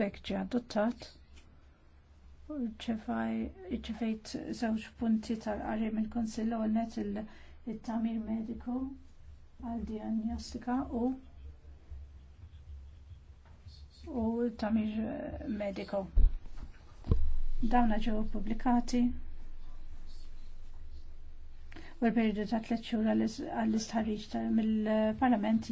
bekk ġi adottat. Ċefajt żewġ punti tal-qari mill konsillu għonet il-tamir mediku għal diagnostika u u tamir eh, mediku. Dawna ġew publikati u l-periodu ta' tliet xhur għall-istħarriġ mill-Parlament